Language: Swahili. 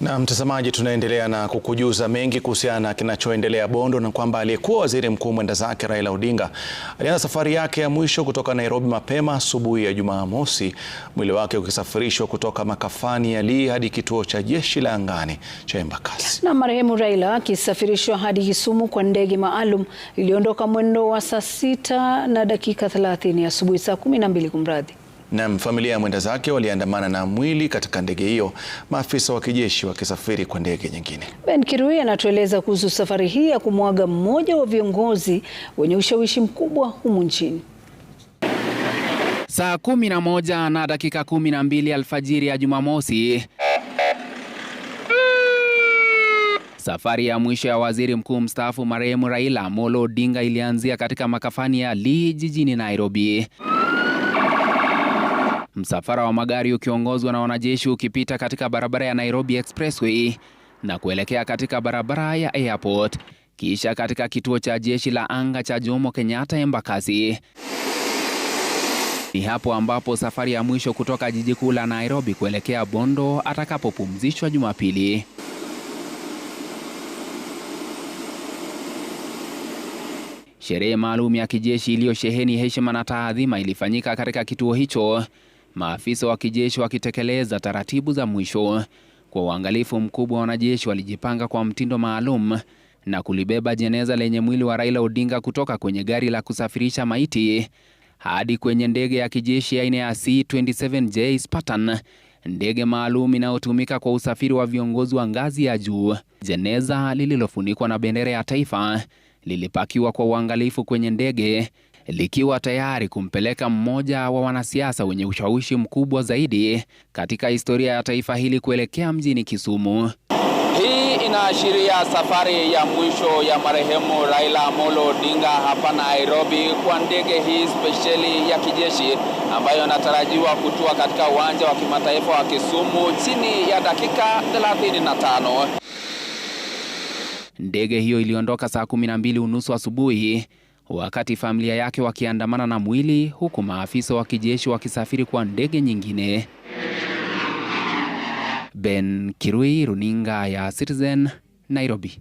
Na mtazamaji, tunaendelea na kukujuza mengi kuhusiana na kinachoendelea Bondo na kwamba aliyekuwa waziri mkuu mwenda zake Raila Odinga alianza safari yake ya mwisho kutoka Nairobi mapema asubuhi ya Jumamosi, mwili wake ukisafirishwa kutoka makafani ya Lee hadi kituo cha jeshi la angani cha Embakasi. Na marehemu Raila akisafirishwa hadi Kisumu kwa ndege maalum iliondoka mwendo wa saa sita na dakika 30 asubuhi, saa 12 kumradhi, na familia ya mwenda zake waliandamana na mwili katika ndege hiyo, maafisa wa kijeshi wakisafiri kwa ndege nyingine. Ben Kirui anatueleza kuhusu safari hii ya kumwaga mmoja wa viongozi wenye ushawishi mkubwa humu nchini. Saa kumi na moja na dakika kumi na mbili alfajiri ya Jumamosi, safari ya mwisho ya waziri mkuu mstaafu marehemu Raila Amolo Odinga ilianzia katika makafani ya Lee jijini Nairobi. Msafara wa magari ukiongozwa na wanajeshi ukipita katika barabara ya Nairobi Expressway na kuelekea katika barabara ya airport, kisha katika kituo cha jeshi la anga cha Jomo Kenyatta Embakasi. Ni hapo ambapo safari ya mwisho kutoka jiji kuu la Nairobi kuelekea Bondo atakapopumzishwa Jumapili. Sherehe maalum ya kijeshi iliyosheheni heshima na taadhima ilifanyika katika kituo hicho maafisa wa kijeshi wakitekeleza taratibu za mwisho. Kwa uangalifu mkubwa, wanajeshi walijipanga kwa mtindo maalum na kulibeba jeneza lenye mwili wa Raila Odinga kutoka kwenye gari la kusafirisha maiti hadi kwenye ndege ya kijeshi aina ya C-27J Spartan, ndege maalum inayotumika kwa usafiri wa viongozi wa ngazi ya juu. Jeneza lililofunikwa na bendera ya taifa lilipakiwa kwa uangalifu kwenye ndege likiwa tayari kumpeleka mmoja wa wanasiasa wenye ushawishi mkubwa zaidi katika historia ya taifa hili kuelekea mjini Kisumu. Hii inaashiria safari ya mwisho ya marehemu Raila Amolo Odinga hapa Nairobi kwa ndege hii spesheli ya kijeshi ambayo inatarajiwa kutua katika uwanja wa kimataifa wa Kisumu chini ya dakika 35. Ndege hiyo iliondoka saa 12 unusu asubuhi wakati familia yake wakiandamana na mwili, huku maafisa wa kijeshi wakisafiri kwa ndege nyingine. Ben Kirui, runinga ya Citizen, Nairobi.